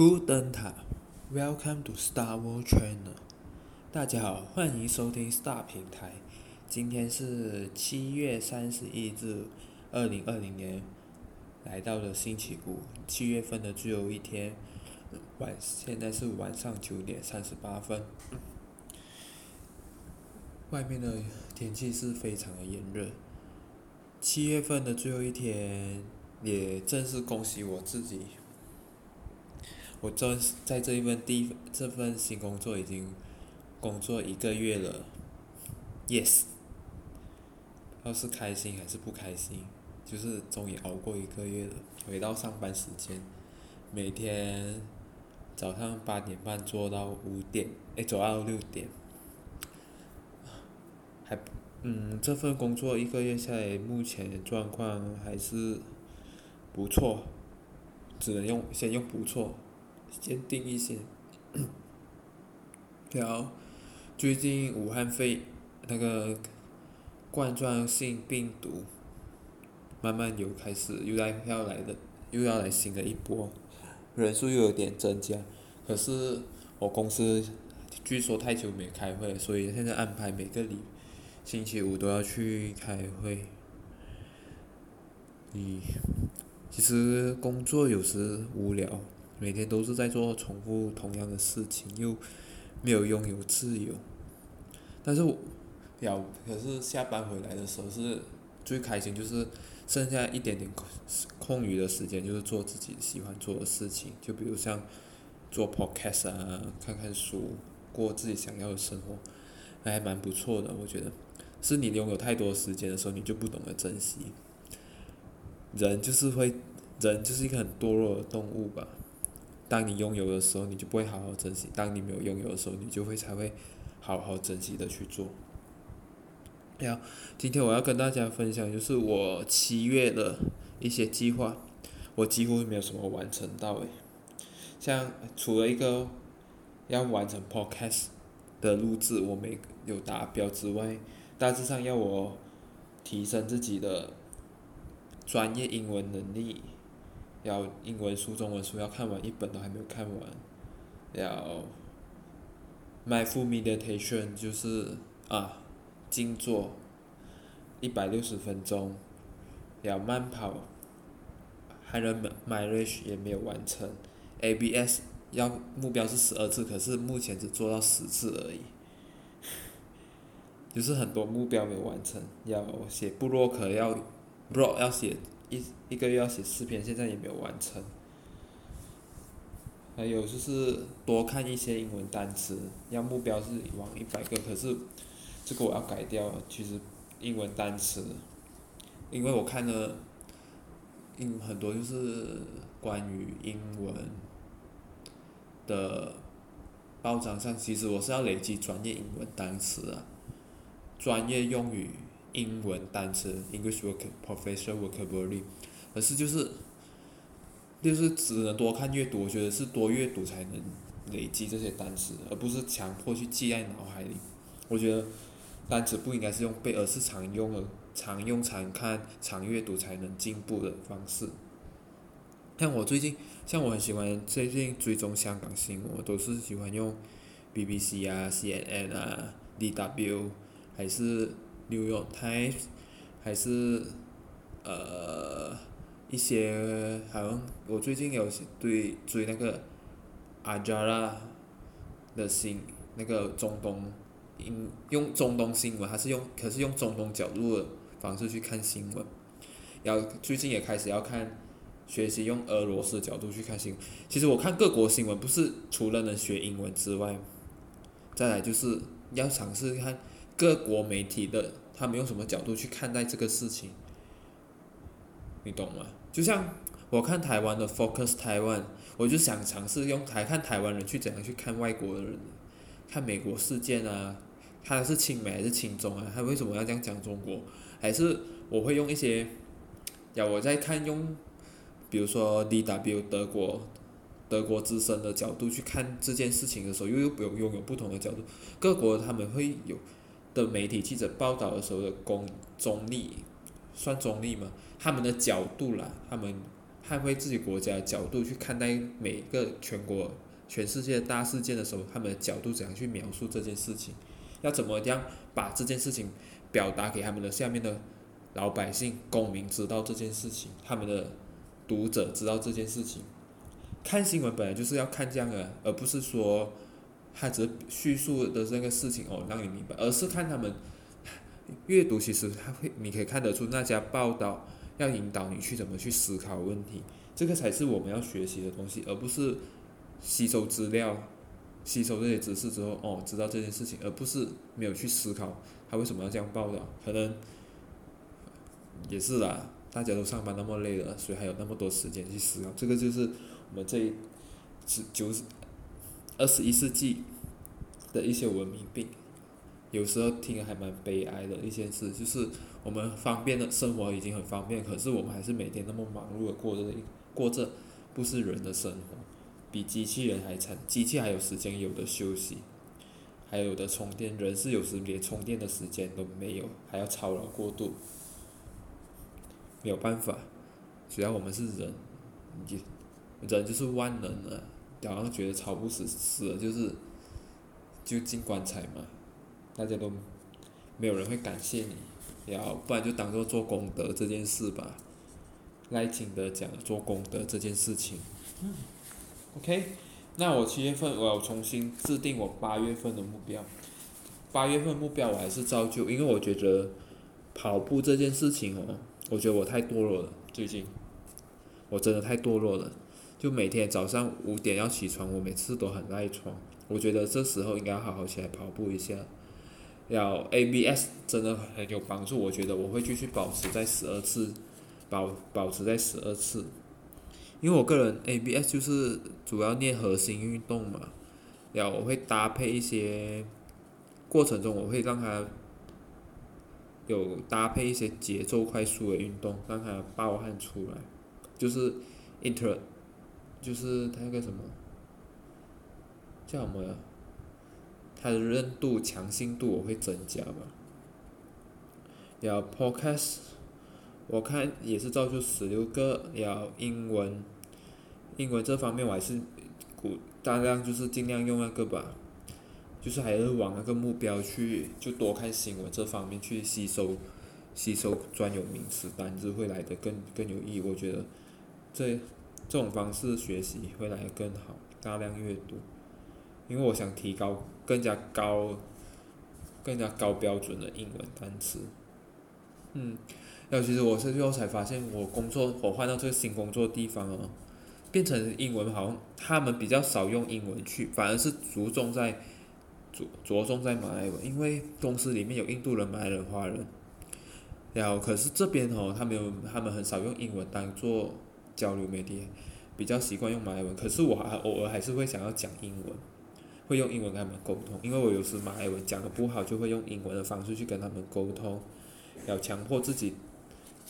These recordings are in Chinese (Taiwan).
Guten Tag! Welcome to Stack's World. 大家好，歡迎收聽 Stack 平台。今天是七月三十一日，二零二零年，來到了星期五，七月份的最後一天。晚，現在是晚上九點三十八分。外面的天氣是非常的炎熱。七月份的最後一天，也正是恭喜我自己。我做在這一份第這份新工作已經工作一個月了，yes，要是開心還是不開心，就是終於熬過一個月了，回到上班時間，每天早上八點半做到五點，哎做到六點，還嗯這份工作一個月下來目前的狀況還是不錯，只能用先用不錯。先定一些，最近武漢肺那個冠狀性病毒慢慢又開始又來要來的又要來新的一波，人數又有點增加。可是我公司據說太久沒開會，所以現在安排每個禮星期五都要去開會。咦，其實工作有時無聊。每天都是在做重複同樣的事情，又沒有擁有自由。但是我，要可是下班回來的時候是最開心，就是剩下一點點空空餘的時間，就是做自己喜歡做的事情。就比如像做 podcast 啊，看看書，過自己想要的生活，還蠻不錯的，我覺得。是你擁有太多時間的時候，你就不懂得珍惜。人就是會，人就是一個很墮落的動物吧。當你擁有的時候，你就不會好好珍惜；當你沒有擁有的時候，你就會才會好好珍惜的去做。然後，今天我要跟大家分享就是我七月的一些計劃，我幾乎沒有什麼完成到誒。像除了一個要完成 Podcast 的錄制我沒有達標之外，大致上要我提升自己的專業英文能力。要英文書、中文書要看完一本都還沒有看完，要，mindful meditation 就是啊，靜坐，一百六十分鐘，要慢跑，還能 marriage 也沒有完成，abs 要目標是十二次，可是目前只做到十次而已，就是很多目標沒有完成，要寫部落格要，block 要寫。一一個月要寫四篇，現在也沒有完成。還有就是多看一些英文單詞，要目標是往一百個，可是這個我要改掉，其實英文單詞，因為我看了，嗯，很多就是關於英文的報章上，其實我是要累積專業英文單詞啊，專業用語。英文單詞，English work professional vocabulary，而是就是，就是只能多看閱讀，我覺得是多閱讀才能累積這些單詞，而不是強迫去記在腦海裡。我覺得單詞不應該是用背，而是常用的、常用常看、常閱讀才能進步的方式。像我最近，像我很喜歡最近追蹤香港新聞，我都是喜歡用 BBC 啊、CNN 啊、DW 還是。New York Times，還是呃一些好像我最近有對追，追那個阿加拉的新那個中東英用中東新聞，還是用可是用中東角度的方式去看新聞，然後最近也開始要看學習用俄羅斯角度去看新聞。其實我看各國新聞，不是除了能學英文之外，再來就是要嘗試看。各國媒體的他們用什麼角度去看待這個事情，你懂嗎？就像我看台灣的《Focus 台灣》，我就想嘗試用台看台灣人去怎樣去看外國的人，看美國事件啊，他是親美還是親中啊？他為什麼要這樣講中國？還是我會用一些，要我在看用，比如說 DW 德國，德國之聲的角度去看這件事情的時候，又又不用擁有不同的角度，各國他們會有。的媒體記者報道的時候的公中立，算中立嗎？他們的角度啦，他們捍衛自己國家的角度去看待每個全國、全世界大事件的時候，他們的角度怎樣去描述這件事情？要怎麼樣把這件事情表達給他們的下面的老百姓、公民知道這件事情？他們的讀者知道這件事情？看新聞本來就是要看這樣的，而不是說。他只是敘述的這個事情哦，讓你明白，而是看他們閱讀，其實他會，你可以看得出那家報道要引導你去怎麼去思考問題，這個才是我們要學習的東西，而不是吸收資料、吸收這些知識之後哦，知道這件事情，而不是沒有去思考他為什麼要這樣報道，可能也是啦，大家都上班那麼累了，誰還有那麼多時間去思考？這個就是我們這十九、二十一世紀的一些文明病，有時候聽還蠻悲哀的一些事，就是我們方便的生活已經很方便，可是我們還是每天那麼忙碌的過着，過着，不是人的生活，比機器人還慘，機器還有時間有的休息，還有的充電，人是有時連充電的時間都沒有，還要操勞過度，沒有辦法，只要我們是人，就人就是萬能的，好像覺得操不死，死了就是。就進棺材嘛，大家都沒有人會感謝你，要不然就當做做功德這件事吧，賴清德講做功德這件事情。嗯，OK，那我七月份我要重新制定我八月份的目標，八月份目標我還是照舊，因為我覺得跑步這件事情哦，我覺得我太墮落了，最近我真的太墮落了，就每天早上五點要起床，我每次都很賴床。我覺得這時候應該好好起來跑步一下，要 ABS 真的很有幫助。我覺得我會繼續保持在十二次，保保持在十二次，因為我個人 ABS 就是主要練核心運動嘛，然後我會搭配一些過程中我會讓他有搭配一些節奏快速的運動，讓他爆汗出來，就是 inter，就是他那個什麼。叫什麼啊？它的韌度、強性度我會增加吧。然後 Podcast，我看也是造就十六個要英文，英文這方面我還是，古大量就是盡量用那個吧，就是還是往那個目標去，就多看新聞這方面去吸收，吸收專有名詞單字會來的更更有意義。我覺得這，這這種方式學習會來的更好，大量閱讀。因為我想提高更加高、更加高標準的英文單詞。嗯，然後其實我到最後才發現，我工作，我換到這個新工作地方哦，變成英文好像他們比較少用英文去，反而是着重在着着重在馬來文，因為公司裡面有印度人、馬來人、華人。然後可是這邊哦，他們有他們很少用英文當做交流媒體，比較習慣用馬來文。可是我還偶爾還是會想要講英文。會用英文跟他們溝通，因為我有時馬來文講得不好，就會用英文的方式去跟他們溝通，要強迫自己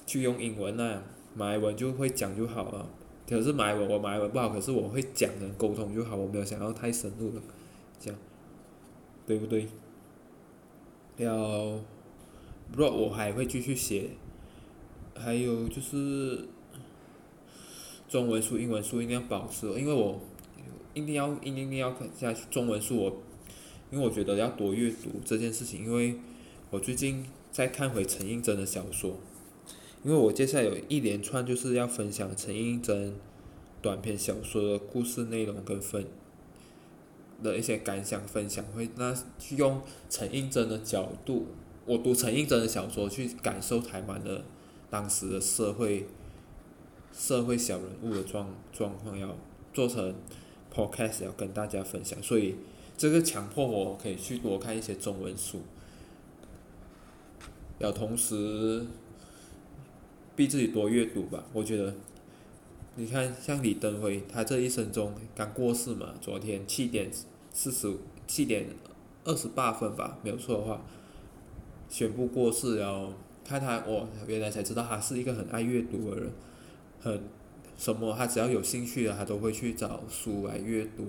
去用英文那樣，馬來文就會講就好了。可是馬來文，我馬來文不好，可是我會講的溝通就好，我沒有想到太深入了，這樣，對不對？要，不過我還會繼續寫，還有就是中文書、英文書應該要保持，因為我。一定要，一定，一定要看下去。中文是我，因為我覺得要多閱讀這件事情，因為我最近在看回陳映真的小說，因為我接下來有一連串就是要分享陳映真短篇小說的故事內容跟分的一些感想分享會，那去用陳映真的角度，我讀陳映真的小說去感受台灣的當時的社會社會小人物的狀狀況，要做成，Podcast 要跟大家分享，所以這個強迫我可以去多看一些中文書，要同時逼自己多閱讀吧。我覺得，你看像李登輝，他這一生中剛過世嘛，昨天七點四十五，七點二十八分吧，沒有錯的話，宣布過世了。然後看他，我原來才知道他是一個很愛閱讀的人，很。什麼？他只要有興趣的，他都會去找書來閱讀。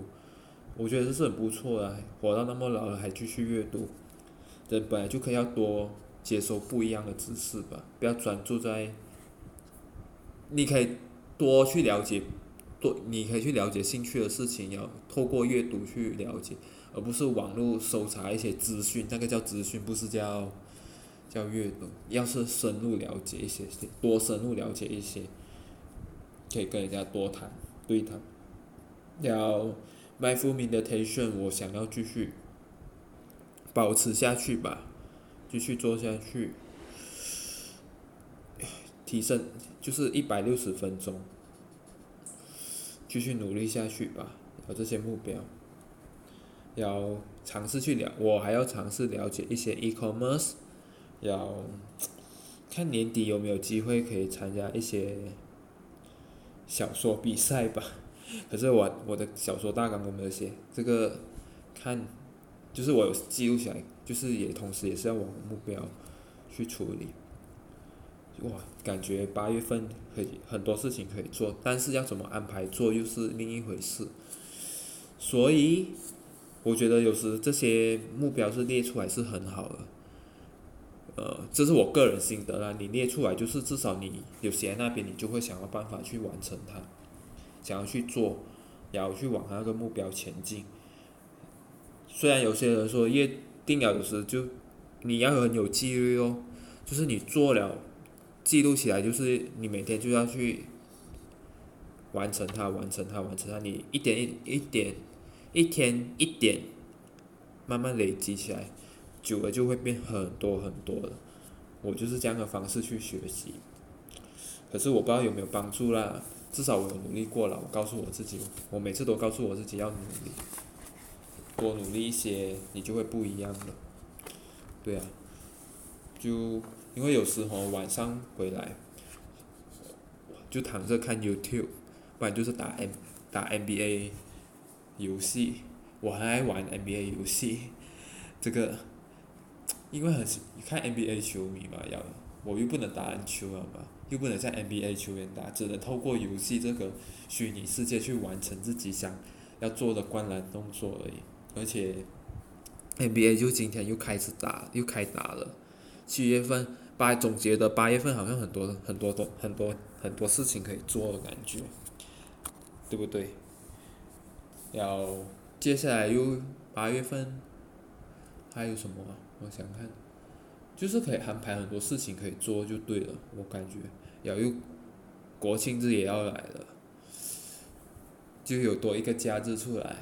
我覺得這是很不錯的，活到那麼老了還繼續閱讀。人本來就可以要多接收不一樣的知識吧，不要專注在。你可以多去了解，多你可以去了解興趣的事情，要透過閱讀去了解，而不是網絡搜查一些資訊，那個叫資訊，不是叫叫閱讀。要是深入了解一些，多深入了解一些。可以跟人家多談，對談。要，Mindful Meditation 的培訓我想要繼續保持下去吧，繼續做下去，提升就是一百六十分鐘，繼續努力下去吧。有這些目標，要嘗試去了，我還要嘗試了解一些 e-commerce，要看年底有沒有機會可以參加一些。小說比賽吧，可是我我的小說大綱都沒有寫，這個看，就是我有記錄起來，就是也同時也是要往目標去處理。哇，感覺八月份可以很多事情可以做，但是要怎麼安排做又是另一回事。所以，我覺得有時這些目標是列出來是很好的。呃，這是我個人心得啦。你列出來，就是至少你有寫在那邊，你就會想到辦法去完成它，想要去做，然後去往那個目標前進。雖然有些人說夜定了就，有時就你要很有紀律哦，就是你做了，記錄起來，就是你每天就要去完成它，完成它，完成它。你一點一點一點，一天一點，慢慢累積起來。久了就會變很多很多的，我就是這樣的方式去學習，可是我不知道有沒有幫助啦。至少我努力過了，我告訴我自己，我每次都告訴我自己要努力，多努力一些，你就會不一樣了。對啊，就因為有時候晚上回來，就躺着看 YouTube，不然就是打 M 打 NBA 遊戲，我很愛玩 NBA 遊戲，這個。因為很看 NBA 球迷嘛，要我又不能打籃球了嘛，又不能在 NBA 球員打，只能透過遊戲這個虛擬世界去完成自己想要做的灌籃動作而已。而且 NBA 就今天又開始打，又開打了。七月份八總結的八月份好像很多很多的很多很多事情可以做的感覺，對不對？然後接下來又八月份還有什麼？我想看，就是可以安排很多事情可以做就對了。我感覺，然後又國慶日也要來了，就有多一個假日出來。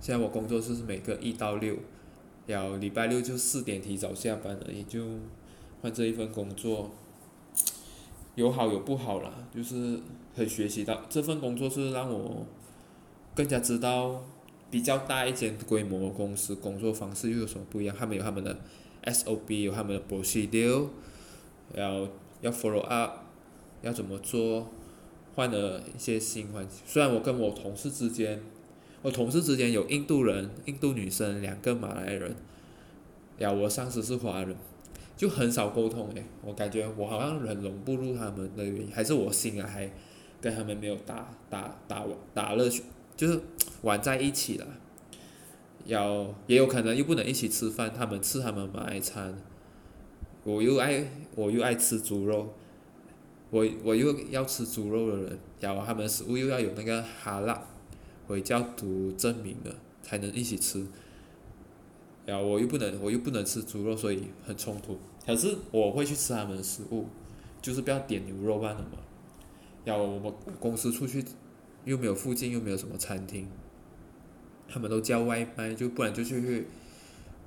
現在我工作就是每個一到六，然後禮拜六就四點提早下班了，也就換這一份工作，有好有不好啦。就是可以學習到這份工作是讓我更加知道。比較大一間規模的公司，工作方式又有什麼不一樣？他們有他們的 SOP，有他們的 procedure，要要 follow up，要怎麼做？換了一些新環境。雖然我跟我同事之間，我同事之間有印度人、印度女生，兩個馬來人，呀，我上司是華人，就很少溝通誒、哎。我感覺我好像很融不入他們的原因，還是我性格還跟他們沒有打打打打了去。就是玩在一起了，有也有可能又不能一起吃飯，他們吃他們愛餐，我又愛我又愛吃豬肉，我我又要吃豬肉的人，然後他們食物又要有那個哈拉，我叫圖證明的才能一起吃，然後我又不能我又不能吃豬肉，所以很衝突。可是我會去吃他們的食物，就是不要點牛肉飯了嘛。然後我們公司出去。又沒有附近，又沒有什麼餐廳，他們都叫外賣，就不然就去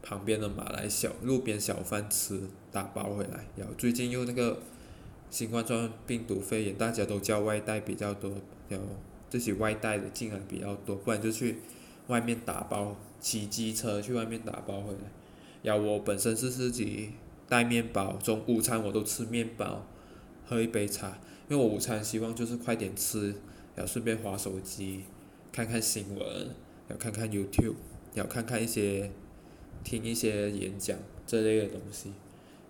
旁邊的馬來小路邊小販吃，打包回來。然後最近又那個新冠狀病毒肺炎，大家都叫外帶比較多，然後自己外帶的進來比較多，不然就去外面打包，騎機車去外面打包回來。然後我本身是自己帶麵包，中午餐我都吃麵包，喝一杯茶，因為我午餐希望就是快點吃。要順便滑手機，看看新聞，要看看 YouTube，要看看一些，聽一些演講這類的東西，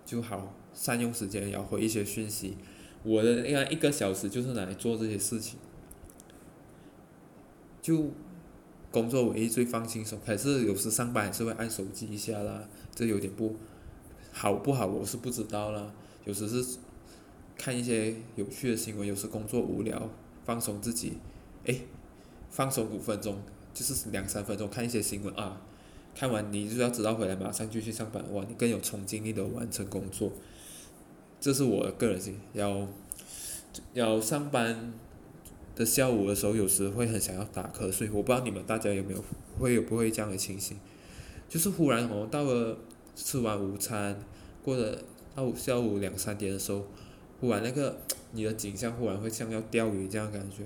就好善用時間，也要回一些訊息。我的那樣一個小時就是來做這些事情，就工作唯一最放心的，還是有時上班還是會按手機一下啦，這有點不好不好，我是不知道啦。有時是看一些有趣的新聞，有時工作無聊。放鬆自己，哎，放鬆五分鐘，就是兩三分鐘，看一些新聞啊。看完你就要知道回來，馬上就去上班，哇，你更有衝擊力的完成工作。這是我的個人性。要要上班的下午的時候，有時會很想要打瞌睡。我不知道你們大家有沒有會有不會這樣的情形，就是忽然哦，到了吃完午餐，過了到下午兩三點的時候。忽然那個你的景象忽然會像要釣魚這樣感覺，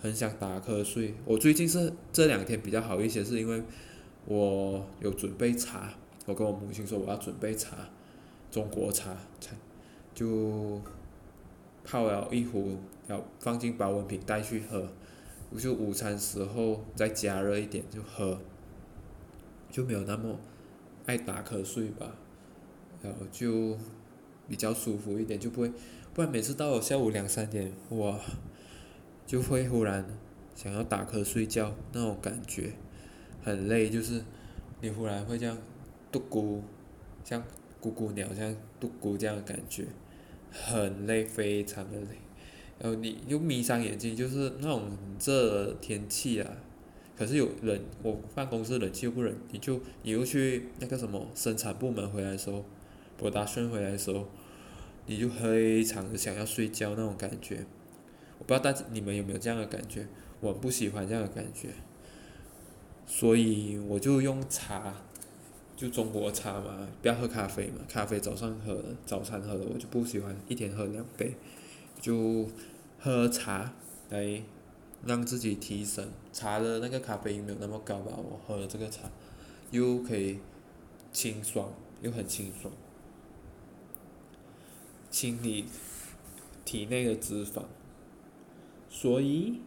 很想打瞌睡。我最近是這兩天比較好一些，是因為我有準備茶，我跟我母親說我要準備茶，中國茶，茶就泡了一壺，要放進保溫瓶帶去喝，我就午餐時候再加熱一點就喝，就沒有那麼愛打瞌睡吧，然後就比較舒服一點，就不會。不然每次到下午兩三點，哇，就會忽然想要打瞌睡覺那種感覺，很累，就是你忽然會這樣，嘟咕，咕，像咕咕鳥這樣嘟咕這樣的感覺，很累，非常的累，然後你又眯上眼睛，就是那種這天氣啊，可是有人我辦公室冷氣又不冷，你就你又去那個什麼生產部門回來的時候，Production 回來的時候。你就非常的想要睡覺那種感覺，我不知道大你們有沒有這樣的感覺，我不喜歡這樣的感覺，所以我就用茶，就中國茶嘛，不要喝咖啡嘛，咖啡早上喝的，早餐喝的，我就不喜歡一天喝兩杯，就喝茶來讓自己提神，茶的那個咖啡因沒有那麼高吧，我喝了這個茶，又可以清爽，又很清爽。清理體內的脂肪，所以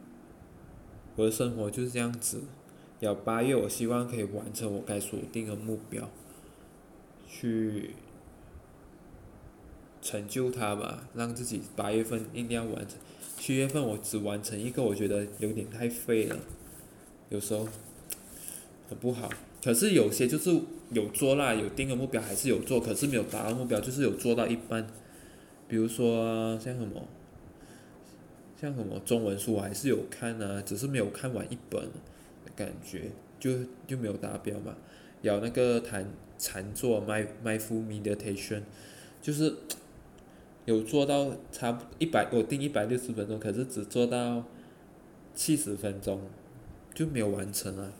我的生活就是這樣子。要八月，我希望可以完成我該鎖定的目標，去成就他吧，讓自己八月份一定要完成。七月份我只完成一個，我覺得有點太廢了，有時候很不好。可是有些就是有做啦，有定個目標還是有做，可是沒有達到目標，就是有做到一半。比如說像什麼，像什麼中文書我還是有看呢、啊，只是沒有看完一本的感覺，就就沒有達標嘛。有那個談禪坐，my my full meditation，就是有做到差不多一百，我定一百六十分鐘，可是只做到七十分鐘，就沒有完成啊。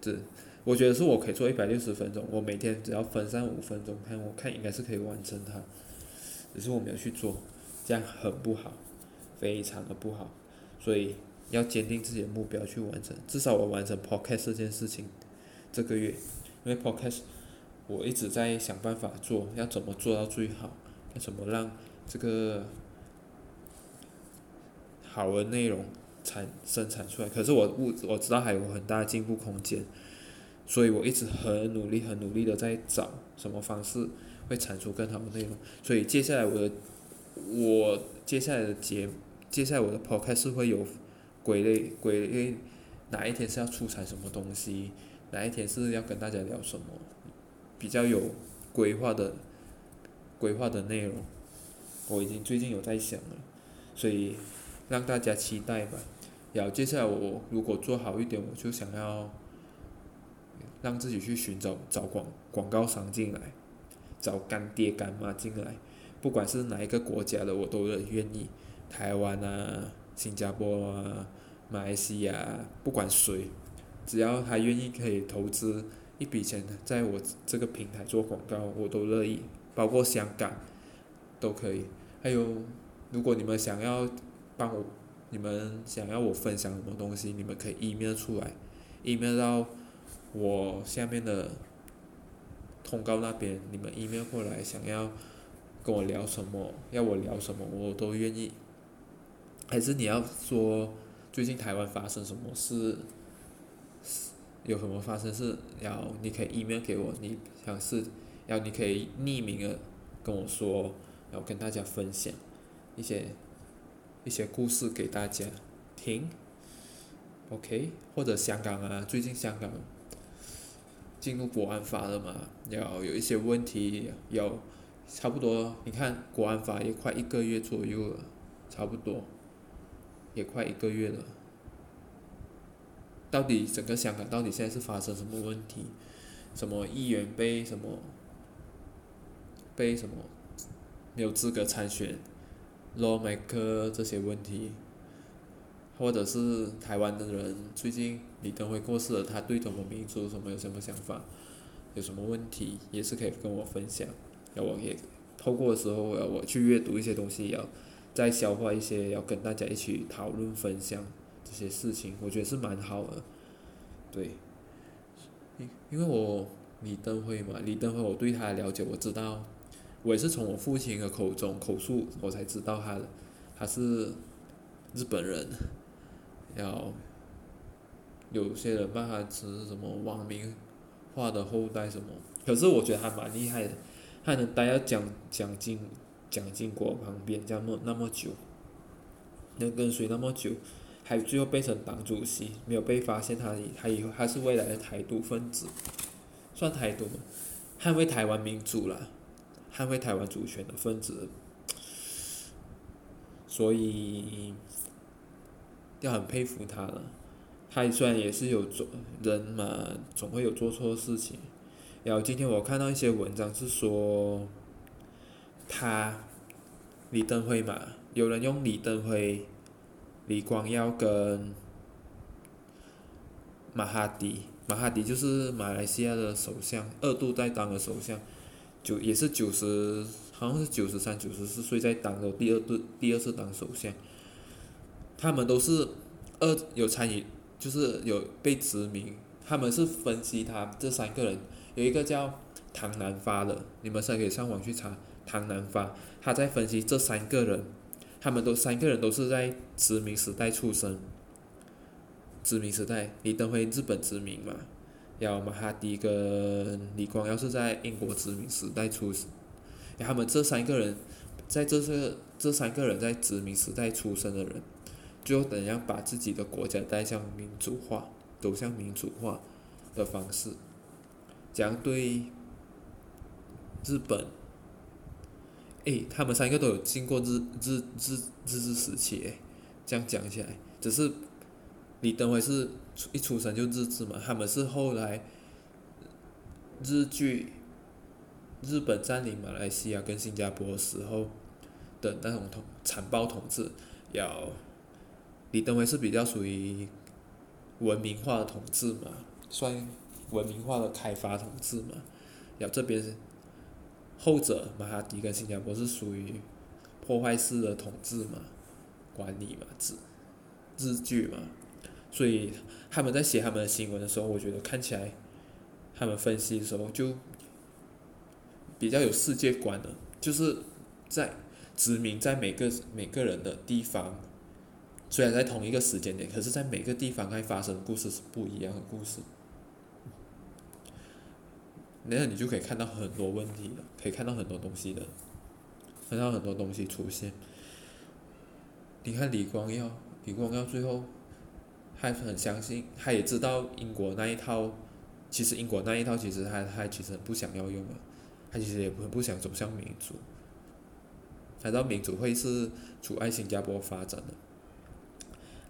只我覺得是我可以做一百六十分鐘，我每天只要分散五分鐘看，我看應該是可以完成它。只是我沒有去做，這樣很不好，非常的不好，所以要堅定自己的目標去完成。至少我完成 Podcast 這件事情，這個月，因為 Podcast 我一直在想辦法做，要怎麼做到最好，要怎麼讓這個好的內容產生產出來。可是我我我知道還有很大的進步空間，所以我一直很努力、很努力的在找什麼方式。會產出更好的內容，所以接下來我的我接下來的節，接下來我的 podcast 是會有鬼，歸類歸類，哪一天是要出產什麼東西，哪一天是要跟大家聊什麼，比較有規劃的，規劃的內容，我已經最近有在想了，所以讓大家期待吧。然後接下來我如果做好一點，我就想要讓自己去尋找找廣廣告商進來。找乾爹乾媽進來，不管是哪一個國家的，我都願意。台灣啊，新加坡啊，馬來西亞，不管誰，只要他願意可以投資一筆錢在我這個平台做廣告，我都樂意。包括香港，都可以。還有，如果你們想要幫我，你們想要我分享什麼東西，你們可以 email 出來，email 到我下面的。通告那邊，你們 email 過來，想要跟我聊什麼？要我聊什麼，我都願意。還是你要說最近台灣發生什麼事？有什麼發生事？然後你可以 email 給我，你想是，然後你可以匿名的跟我說，然後跟大家分享一些一些故事給大家聽。OK，或者香港啊，最近香港。進入國安法了嘛？要有一些問題，要差不多。你看國安法也快一個月左右了，差不多也快一個月了。到底整個香港到底現在是發生什麼問題？什麼議員被什麼被什麼沒有資格參選，lawmaker 這些問題？或者是台灣的人，最近李登輝過世了，他對中華民族什麼有什麼想法？有什麼問題也是可以跟我分享，要我也透過的時候我要我去閱讀一些東西，要再消化一些，要跟大家一起討論分享這些事情，我覺得是蠻好的。對，因因為我李登輝嘛，李登輝我對他的了解我知道，我也是從我父親的口中口述我才知道他他是日本人。然後有些人罵他只是什麼網民化的後代什麼，可是我覺得還蠻厲害的，他能待在蔣蔣經蔣經國旁邊這麼那麼久，能跟隨那麼久，還最後變成黨主席，沒有被發現他以他以後他是未來的台獨分子，算台獨嗎？捍衛台灣民主啦，捍衛台灣主權的分子，所以。就很佩服他了，他雖然也是有做人嘛，總會有做錯事情。然後今天我看到一些文章是說，他李登輝嘛，有人用李登輝、李光耀跟馬哈迪，馬哈迪就是馬來西亞的首相，二度在當的首相，九也是九十，好像是九十三、九十四歲在當的第二度第二次當首相。他們都是二有參與，就是有被殖民。他們是分析他這三個人，有一個叫唐南發的，你們上可以上網去查唐南發。他在分析這三個人，他們都三個人都是在殖民時代出生。殖民時代，李登輝日本殖民嘛，然後馬哈迪跟李光耀是在英國殖民時代出生。然後他們這三個人，在這這這三個人在殖民時代出生的人。就怎樣把自己的國家帶向民主化，走向民主化的方式，這樣對日本，誒，他們三個都有經過日日日日、日治時期誒，這樣講起來，只是李登輝是一出生就日治嘛，他們是後來日據日本佔領馬來西亞跟新加坡的時候的那種統殘暴統治，要。李登輝是比較屬於文明化的統治嘛，算文明化的開發的統治嘛。然後這邊後者馬哈迪跟新加坡是屬於破壞式的統治嘛，管理嘛，殖，日據嘛。所以他們在寫他們的新聞的時候，我覺得看起來，他們分析的時候就比較有世界觀的，就是在殖民在每個每個人的地方。雖然在同一個時間點，可是，在每個地方，它發生的故事是不一樣的故事。那樣，你就可以看到很多問題了，可以看到很多東西的，看到很多東西出現。你看李光耀，李光耀最後還很相信，他也知道英國那一套，其實英國那一套，其實他他其實很不想要用了，他其實也不不想走向民主，反正民主會是阻礙新加坡發展的。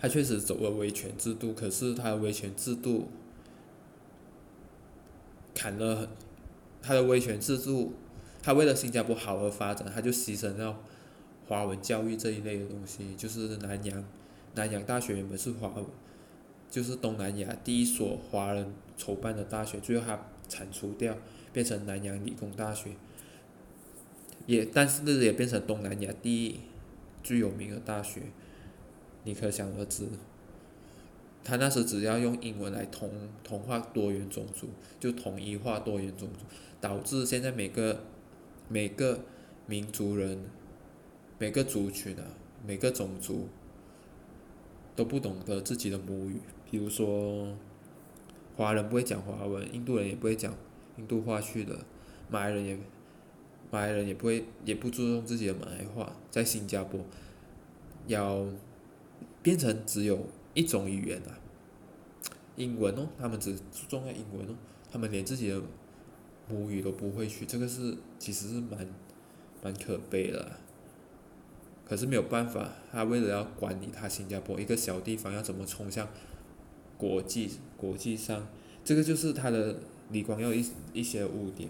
他確實走了威權制度，可是他的威權制度砍了很，他的威權制度，他為了新加坡好而發展，他就犧牲了華文教育這一類的東西，就是南洋，南洋大學原本是華文，就是東南亞第一所華人籌辦的大學，最後他鏟除掉，變成南洋理工大學，也但是也變成東南亞第一最有名的大學。你可想而知，他那時只要用英文來同同化多元種族，就統一化多元種族，導致現在每個每個民族人，每個族群啊，每個種族都不懂得自己的母語。比如說，華人不會講華文，印度人也不會講印度話去的，馬來人也馬來人也不會，也不注重自己的馬來話，在新加坡要。變成只有一種語言吶、啊，英文哦，他們只注重在英文哦，他們連自己的母語都不會去，這個是其實是蠻蠻可悲的、啊，可是沒有辦法，他為了要管理他新加坡一個小地方，要怎麼衝向國際國際上，這個就是他的李光耀一一些污點，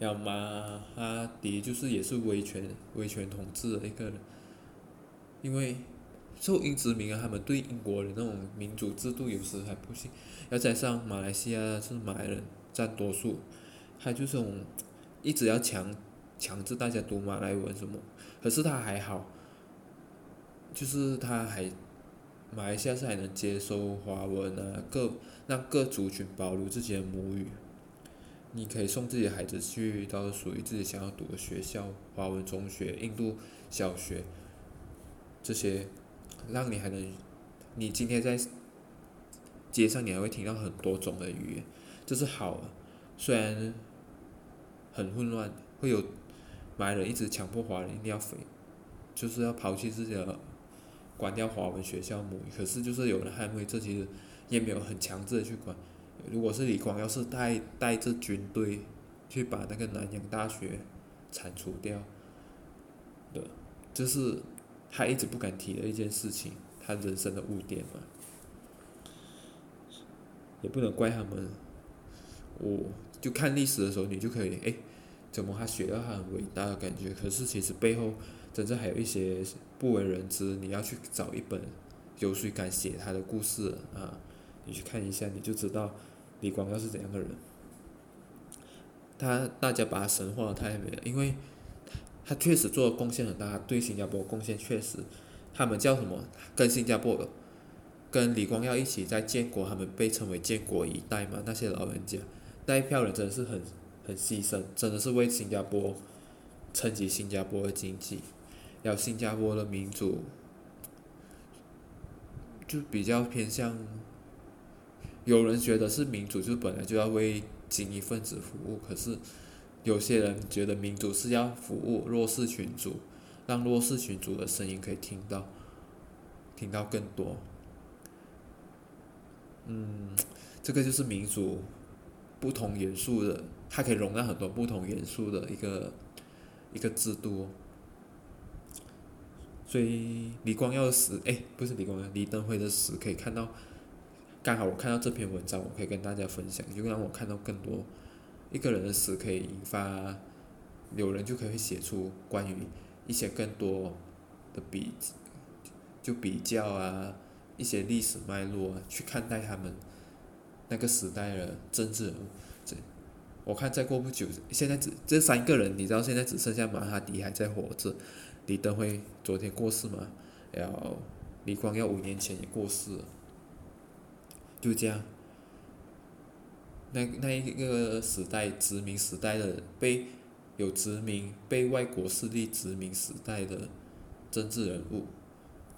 然後馬哈迪就是也是威權威權統治的一個人。因為受英殖民啊，他們對英國的那種民主制度有時還不行，要再加上馬來西亞是馬來人占多數，還有就是我們一直要強強制大家讀馬來文什麼，可是他還好，就是他還馬來西亞是還能接收華文啊，各讓各族群，保留自己的母語，你可以送自己的孩子去到屬於自己想要讀的學校，華文中學、印度小學。這些讓你還能，你今天在街上，你還會聽到很多種的語言，這是好，雖然很混亂，會有馬來人一直強迫華人一定要廢，就是要拋棄自己的，關掉華文學校母語。可是就是有人捍衛這些，也沒有很強制的去管。如果是李光耀，要是帶帶這軍隊去把那個南洋大學鏟除掉的、就，這是。他一直不敢提的一件事情，他人生的污點嘛，也不能怪他們。我、哦、就看歷史的時候，你就可以哎，怎麼他學到他很偉大的感覺？可是其實背後真正還有一些不為人知，你要去找一本有誰敢寫他的故事啊？你去看一下，你就知道李光耀是怎樣的人。他大家把他神話太美了，因為。他確實做的貢獻很大，對新加坡貢獻確實。他們叫什麼？跟新加坡的，跟李光耀一起在建國，他們被稱為建國一代嘛。那些老人家，那一票人真的是很很犧牲，真的是為新加坡，撐起新加坡的經濟，要新加坡的民主，就比較偏向。有人覺得是民主，就本來就要為精英分子服務，可是。有些人覺得民主是要服務弱勢群組，讓弱勢群組的聲音可以聽到，聽到更多。嗯，這個就是民主，不同元素的，它可以容納很多不同元素的一個一個制度。所以李光耀的死，哎，不是李光耀，李登輝的死，可以看到，剛好我看到這篇文章，我可以跟大家分享，就讓我看到更多。一個人的死可以引發，有人就可以寫出關於一些更多的比就比較啊，一些歷史脈絡啊，去看待他們那個時代的政治人物。這我看再過不久，現在只這三個人，你知道現在只剩下馬哈迪還在活着，李登輝昨天過世嘛，然後李光耀五年前也過世，就這樣。那那一個時代，殖民時代的人被有殖民，被外國勢力殖民時代的政治人物，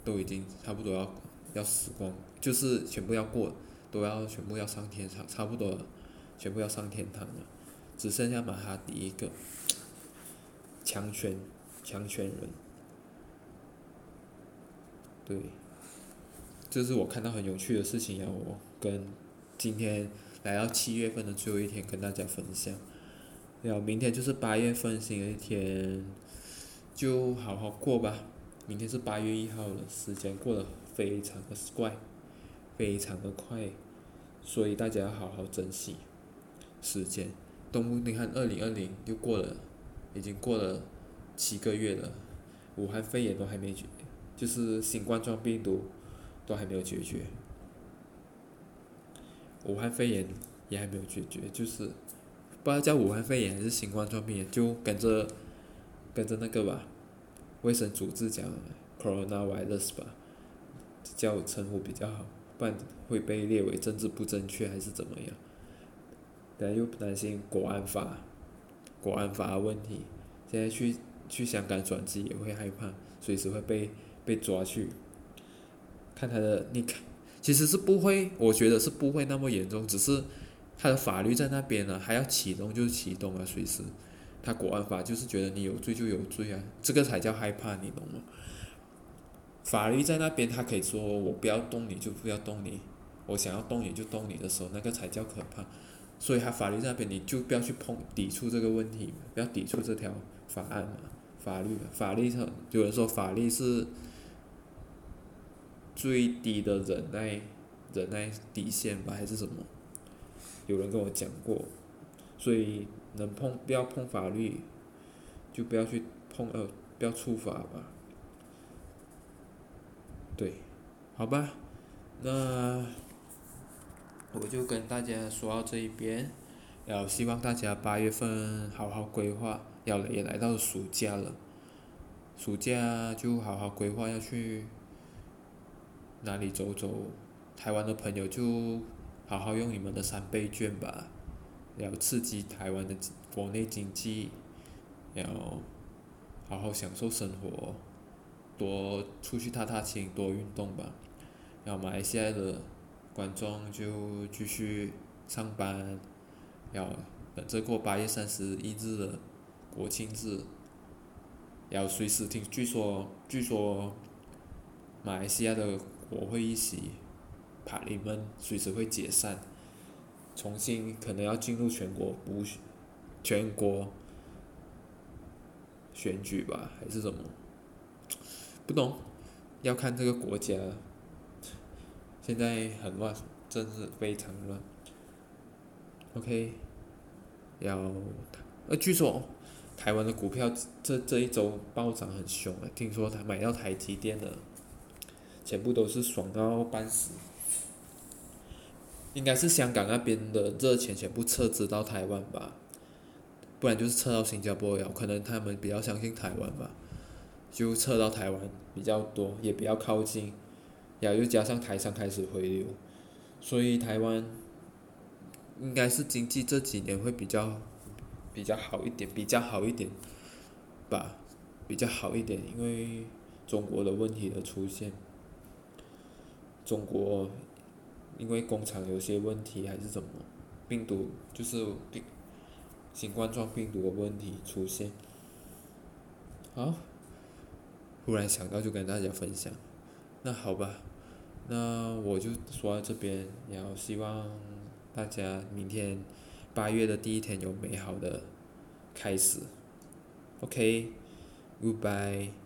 都已經差不多要要死光，就是全部要過，都要全部要上天堂，差不多了，全部要上天堂了，只剩下馬哈迪一個，強權強權人，對，這是我看到很有趣的事情啊，然後我跟今天。來到七月份的最後一天，跟大家分享。然後明天就是八月份新的一天，就好好過吧。明天是八月一號了，時間過得非常的快，非常的快，所以大家要好好珍惜時間。等於你看2020又過了，已經過了七個月了，武漢肺炎都還沒，就是新冠狀病毒都還沒有解決。武漢肺炎也還沒有解決，就是不知道叫武漢肺炎還是新冠狀病毒，就跟着跟着那個吧。衛生組織講 coronavirus 吧，這叫稱呼比較好，不然會被列為政治不正確還是怎麼樣？但又擔心國安法，國安法的問題。現在去去香港轉機也會害怕，隨時會被被抓去。看他的你看。其實是不會，我覺得是不會那麼嚴重，只是他的法律在那邊呢，還要啟動就啟動啊，隨時，他國安法就是覺得你有罪就有罪啊，這個才叫害怕你，你懂嗎？法律在那邊，他可以說我不要動你就不要動你，我想要動你就動你的時候，那個才叫可怕，所以他法律在那邊你就不要去碰抵觸這個問題，不要抵觸這條法案嘛，法律法律上有人說法律是。最低的忍耐，忍耐底線吧，還是什麼？有人跟我講過，所以能碰不要碰法律，就不要去碰呃，不要觸法吧。對，好吧，那我就跟大家說到這一邊，然後希望大家八月份好好規劃，要也來到暑假了，暑假就好好規劃要去哪裡走走，台灣的朋友就好好用你們的三倍券吧，要刺激台灣的國內經濟，要好好享受生活，多出去踏踏青，多運動吧。要馬來西亞的觀眾就繼續上班，要等着過八月三十一日的國慶日，要隨時聽，據說據說馬來西亞的。我會一起，怕你們隨時會解散，重新可能要進入全國不全國選舉吧，還是什麼？不懂，要看這個國家。現在很亂，真是非常亂。OK，要，呃，據說台灣的股票這這一周暴漲很凶啊，聽說他買到台積電了。全部都是爽到半死，應該是香港那邊的熱錢全部撤資到台灣吧，不然就是撤到新加坡，有可能他們比較相信台灣吧，就撤到台灣比較多，也比較靠近，然後又加上台商開始回流，所以台灣應該是經濟這幾年會比較比較好一點，比較好一點吧，比較好一點，因為中國的問題的出現。中國，因為工廠有些問題還是什麼，病毒就是新冠狀病毒的問題出現，好，忽然想到就跟大家分享，那好吧，那我就說到這邊，然後希望大家明天八月的第一天有美好的開始，OK，Goodbye，okay。